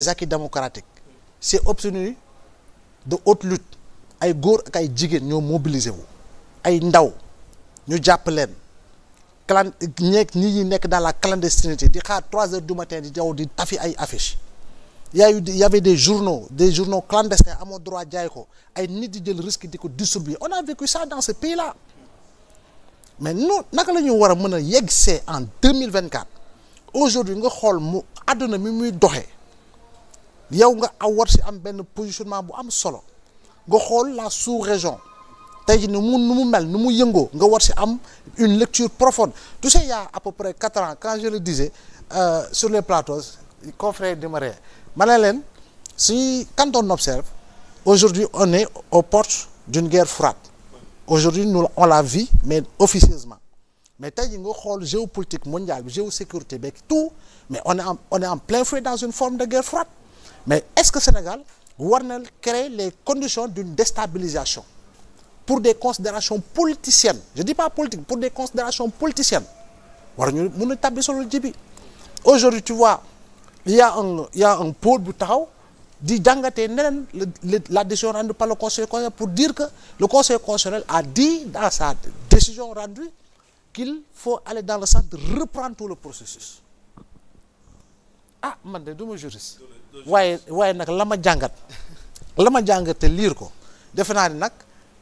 des acquis démocratiques c'est obtenu de haute lutte ay góor ak ay jigéen ñoo mobiliser wu ay ndaw ñu jàpp leen clan ñeeg nit ñi nekk dans la clandestinité di xaar trois heures du matin di daw di tafi ay affiche yaayu y avait des journaux des journaux clandestins amoo droit jaay ko ay nit di jël risque di ko distribuer on a vécu ça dans ce pays là mais non naka la ñu war a mën a yegg see en deux mille vingt quatre aujourd'hui nga xool mu àdduna mi muy doxee yow nga aw war si am benn positionnement bu am solo nga xool la sous-région tey ji ni mu nu mu mel nu mu yëngoo nga war si am une lecture profonde tu sais a à peu près quatre ans quand je le disais euh, sur les plateaux confrères di ma ree ma leen si quand on aujourd'hui on est aux portes d'une guerre froide aujourd'hui nous on la vit mais officieusement mais tey jii nga xool géopolitique mondiale bi géosécurité beeg tout mais on est en plein mais est-ce que Sénégal war na créer les conditions d'une déstabilisation pour des considérations politiciennes je dis pas politique pour des considérations politiciennes war ñu mun a tabbi solo ji bi aujourd'hui tu vois y a un il y pôle bu taxaw di jàngatee neneen la décision rendue par le conseil constitutionnel pour dire que le conseil constitutionnel a dit dans sa décision rendue qu'il faut aller dans le sens de reprendre tout le processus ah man de du waaye waaye nag la ma jàngat la ma jàngat te liir ko defe naa ni nag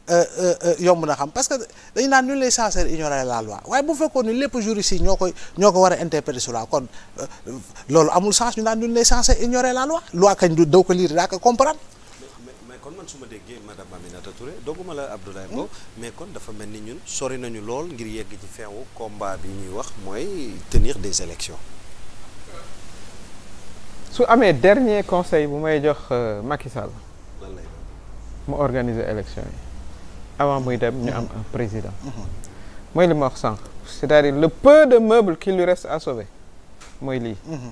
euh, euh, euh, yomb na xam parce que dañu naan nul n'est censé ignorer la loi waaye bu fekkoon ni lépp juriste yi ñoo koy ñoo ko war a interpréter sur kon loolu amul sens ñu naan nul n'est censé ignorer la loi loi kañ du daw ko liir daa ko comprendre. kon man su ma déggee madame Aminata Touré dogguma la Abdoulaye Mbow mais kon dafa mel ni ñun sori nañu lool ngir yegg ci feewu combat bi ñuy wax mooy tenir des élections su amee dernier conseil bu may jox euh, Macky Sall mu organiser élection yi avant muy dem ñu am mhm. président mhm. mooy li ma wax sànq c'est-à-dire le peu de meubles qui lu reste à sauver mooy lii mhm.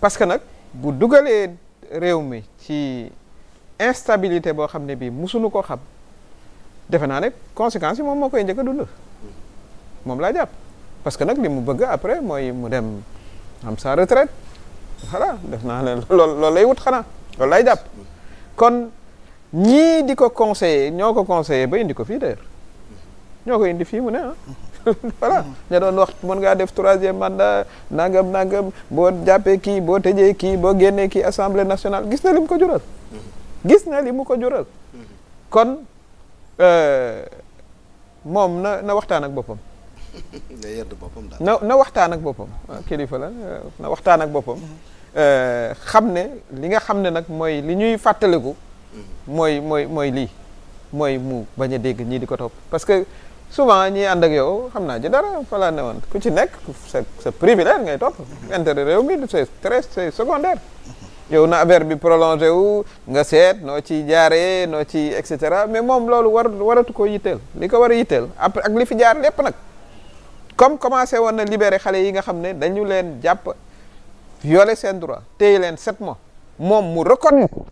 parce que nag bu dugalee réew mi ci instabilité boo xam ne bii musuñu ko xam defe naa ne conséquence yi moom moo koy njëkk a dund moom laa jàpp parce que nag li mu bëgg après mooy mu dem am sa retraite voilà def naa leen lool loolu lay wut xanaa loolu lay jàpp kon ñii di ko conseiller ñoo ko conseiller ba indi ko fii d'ailleurs ñoo ko indi fii mu ne ah voilà ña doon wax mën ngaa def troisième mandat nangam nangam boo jàppee kii boo tëjee kii boo génnee kii assemblée nationale gis na li mu ko jural gis na li mu ko jural kon euh, moom na na waxtaan ak boppam nga boppam daal na na waxtaan ak boppam ah, kilifa la eh, na waxtaan ak boppam. Mhm. Eh, xam ne li nga xam ne nag mooy li ñuy fàttaliku. Mhm. mooy mooy mooy lii. mooy mu bañ a dégg ñii di ko topp parce que souvent ñi ànd ak yow xam naa ji dara fa laa newoon ku ci nekk sa sa privilège ngay topp. Mhm. intérêt réew mi c'est très c'est secondaire. yow na affaire bi prolongé wu nga seet noo ci jaaree noo ci et cetera mais moom loolu war waratu ko yitteel li ko war a yitteel après ak li fi jaar lépp nag. comme commencé woon na libéré xale yi nga xam ne dañu leen jàpp violer seen droit téye leen sept mois moom mu reconnaître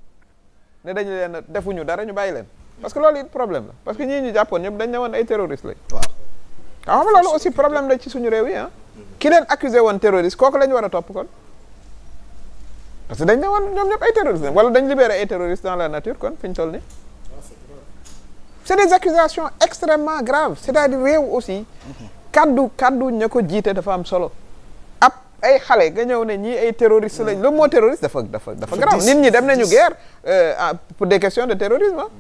ne dañu leen defuñu dara ñu bàyyi leen parce que loolu it problème la parce que ñii ñu jàppoon ñëpp dañ ne woon ay terroriste lañ waaw a nga loolu aussi problème la ci suñu réew yi ah ki leen accusé woon terroriste kooku la ñu war a topp kon parce que dañ ne woon ñoom ñëpp ay terroriste wala dañ libéré ay terroriste dans la nature kon fi ñu toll nii c'est des accusations extrêmement graves c'est-à-dire aussi mm-hmm. kaddu kaddu ña ko jiite dafa am solo ab ay xale nga ñëw ne ñii ay terroriste lañ le mot terroriste dafa dafa dafa grave nit ñi dem nañu guerre euh, pour des de terrorisme ah.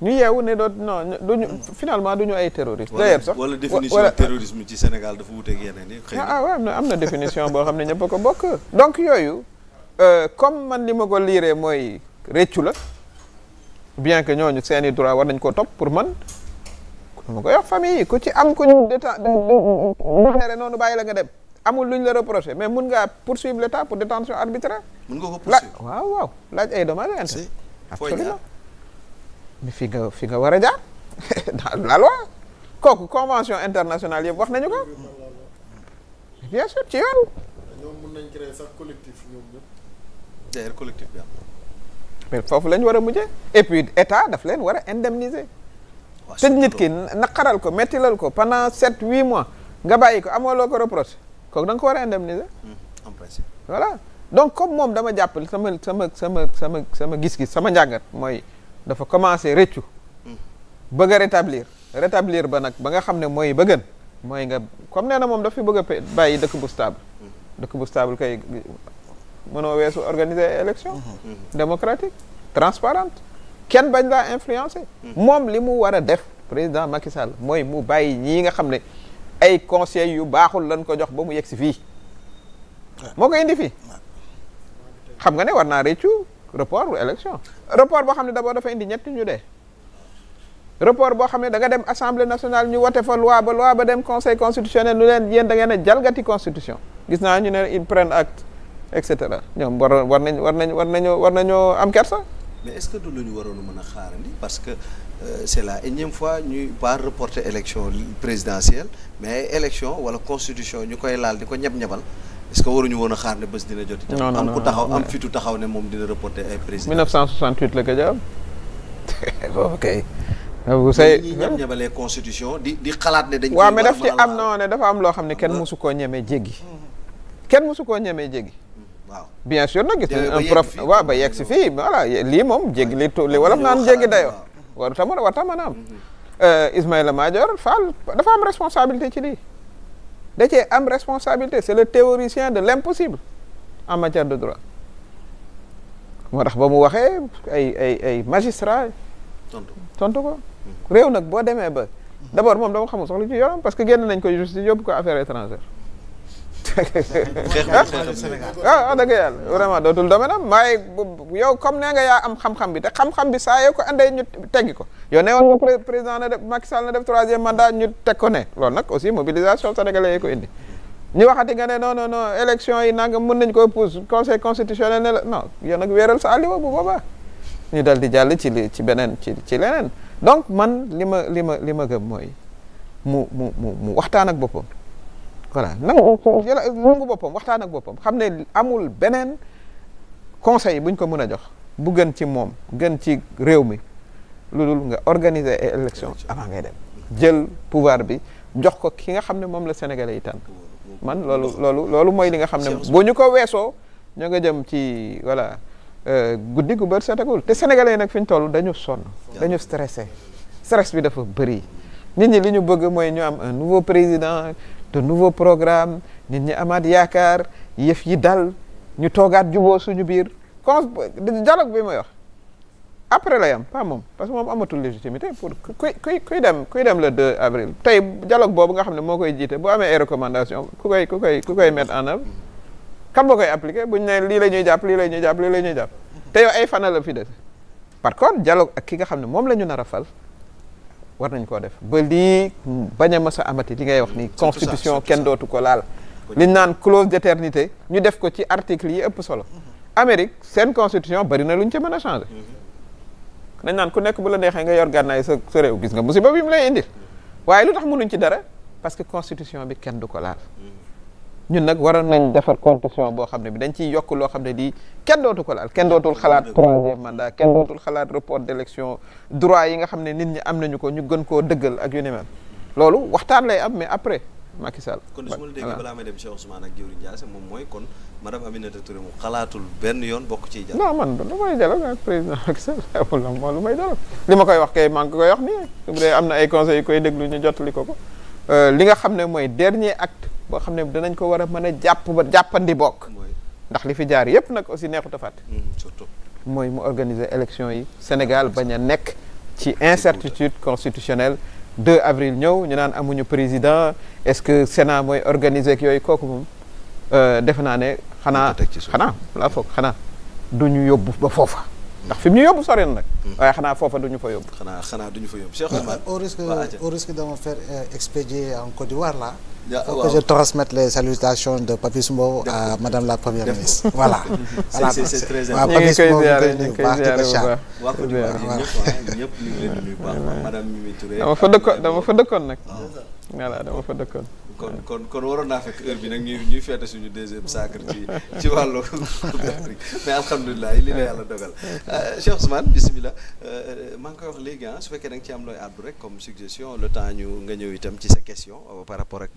ñu yeewu ne doo non duñu finalement duñu ay terroriste d'ailleurs sax wala définition terrorisme ci Sénégal dafa wuteeg yeneen am na ah, am na définition boo xam ne ñëpp ko bokk donc yooyu euh, comme man li ma ko liiree mooy réccu la bien que ñooñu seeni droit war nañ koo topp pour man ma ko yor famille yi ku ci am ku ñu détenere noonu bàyyi la nga dem amul lu ñu la reproché mais mun ngaa poursuivre l'état pour détention arbitraire mun nga ko poursuivre waaw waaw laaj ay dommages et intérêts absolument mais fi nga fi nga war a jaar dans la loi kooku convention internationale yëpp wax nañu ko bien sûr ci yoon mun nañ créer sax collectif ñoom ñëpp d'ailleurs mais foofu la ñu war a mujjee et état daf leen war a indemniser tëj nit ki naqaral ko mettilal ko pendant sept huit mois nga bàyyi ko amoo loo ko reproche kooku da ko war a indemniser mm, en voilà donc comme moom dama jàppale sama sama sama sama sama gis-gis sama njàngat mooy dafa commencé rëccu mm. bëgg a rétablir rétablir ba nag ba nga xam ne mooy bëggan mooy nga comme nee na moom dafa bëgg a bàyyi dëkk bu stable mm. dëkk bu stable kay mënoo weesu organiser élection mm-hmm. démocratique transparente kenn bañ laa influencer. moom li mu war a def président Macky Sall mooy mu bàyyi ñii nga xam ne ay conseils yu baaxul lañ ko jox ba mu yegg si fii. moo ko indi fii. xam nga ne war naa réccu report élection. report boo xam ne d'abord dafa indi ñetti ñu dee. report boo xam ne da nga dem assemblée nationale ñu wote fa loi ba loi ba dem conseil constitutionnel ñu leen yéen da ngeen a jalgati constitution gis naa ñu ne in prennent acte et cetera ñoom war war nañ war nañ war nañoo war nañoo am kersa. mais est-ce que du lu ñu waroon mën a xaarandi parce que euh, c'est la énième fois ñuy pas reporter élection présidentielle mais élection wala constitution ñu koy laal di ko ñeb-ñebal est-ce que waruñu woon a xaar ne bés dina jot itam am ku taxaw am fitu taxaw ne moom dina reporter ay président 1968 la ko jaam boobu kay bu say ñi ñam constitution di di xalaat ne dañ waaw mais daf ci am ne dafa am loo xam ne kenn mosu koo ñemee jéggi mm-hmm. kenn mosu koo ñemee jéggi waaw bien sûr nag gis nañ prof waaw ba yegg si fii voilà lii moom jéggi li tu li walam naan jéggi dayoo waru tama war tama naam euh, Ismaïla Madior Fall dafa am responsabilité ci lii da cee am responsabilité c'est le théoricien de l'impossible en matière de droit moo tax ba mu waxee ay ay ay magistrat tontu tontu ko mhm. réew nag boo demee ba d'abord moom dama xamul sax lu ci yoram parce que génn nañ ko justice yóbbu ko affaire étrangère ah dëgg yàlla vraiment dootul domaine am waaye yow comme nee nga am xam-xam bi te xam-xam bi saa yoo ko andee ñu teggi ko yow ne woon nga président na def Macky Sall na def troisième mandat ñu teg ne loolu nag aussi mobilisation sénégalais yi ko indi ñu waxati nga ne non non non élection yi nanga mën nañ ko pousse conseil constitutionnel ne la non yow nag wéeral sa àlliwa bu boobaa ñu dal di jàll ci li ci beneen ci ci leneen donc man li ma li ma li ma gëm mooy mu mu mu mu waxtaan ak voilà mm. nangu nangu boppam waxtaan ak boppam xam ne amul beneen conseil buñ ko mën a jox bu gën ci moom gën ci réew mi lu dul nga organiser ay élection avant ngay dem jël pouvoir bi jox ko ki nga xam ne moom la sénégalais yi tànn man loolu loolu loolu mooy li nga xam ne bu ñu ko weesoo ñoo nga jëm ci voilà euh, guddi gu bër setagul te sénégale yi nag fi ñu toll dañu sonn dañu stressé stress bi dafa bëri nit ñi li ñu bëgg mooy ñu am un nouveau président de nouveau programme nit ñi amaat yaakaar yëf yi dal ñu toogaat juboo suñu biir kon dialogue bi may wax après lay am pas moom parce que moom amatul légitimité pour kuy kuy kuy dem kuy dem le 2 avril tey dialogue boobu nga xam ne moo koy jiite boo amee ay recommandation ku koy ku koy ku koy mettre en œuvre kan moo koy appliqué buñ ne lii la ñuy jàpp lii la ñuy jàpp lii la ñuy jàpp te yow ay fana la fi des par contre dialogue ak ki nga xam ne moom la ñu nar a fal war nañ koo def ba lii bañ a mës a amati li ngay wax nii constitution kenn dootu ko laal liñ naan clause d'éternité ñu def ko ci article yi ëpp solo mhm. Amérique seen constitution bari na lu ñu ci mën a changé mhm. dañ naan ku nekk bu la neexee nga yor gànnaay sa sa réew gis nga musiba bi mu lay indi mhm. waaye lu tax mënuñ ci dara parce que constitution bi kenn du ko laal ñun nag waroon nañ hmm. defar constitution boo xam ne bi dañ ciy yokk loo xam ne di kenn dootu ko laal kenn dootul xalaat troisième mandat kenn dootul xalaat report d'élection droit yi nga xam ne nit ñi am nañu ko ñu gën koo dëggal ak yu ni mel loolu waxtaan lay am mais après Macky Sall kon su ma dem Cheikh Ousmane ak Diouri Ndiaye moom mooy kon madame benn yoon bokk ci dialogue. non man du lu may dialogue li ma koy wax kay maa ko koy wax nii bu dee am na ay conseils koy koy déglu ñu jottali ko ko euh, li nga xam ne mooy dernier acte. boo xam ne danañ ko war a mën a jàpp ba jàppandi bokk ndax li fi jaar yépp nag aussi neexut a fàtte mm, surtout mooy mu organiser élection yi Sénégal bañ a nekk ci incertitude constitutionnelle 2 avril ñëw ñu naan amuñu président est-ce que Sénat mooy organiser ak yooyu kooku moom euh, defe naa ne xanaa xanaa laa foog xanaa du ñu yóbbu ba foofa ndax fi mu ñu yóbbu sori na hmm. waaye xanaa foofa du ñu fa yóbbu. xanaa xanaa du ñu fa yóbbu Cheikh au risque au risque de me faire euh, expédier en Côte d'Ivoire là. Il faut que je les salutations de Papis Mbow à Madame la Première ministre. Voilà. voilà c'est très important. Papis Mbow ñu koy ziare fa dëkkoon dama fa dëkkoon nag. Ah. voilà dama fa dëkkoon. kon kon kon waroon naa fekk heure bi nag ñuy ñuy feete suñu deuxième sacre ci ci wàllu Coupe d'Afrique mais li la yàlla dogal euh, Cheikh Ousmane bisimilah euh, maa ngi koy wax léegi ah su fekkee da ci am looy àddu rek comme suggestion le temps ñu nga ñëw itam ci sa question euh, par rapport ak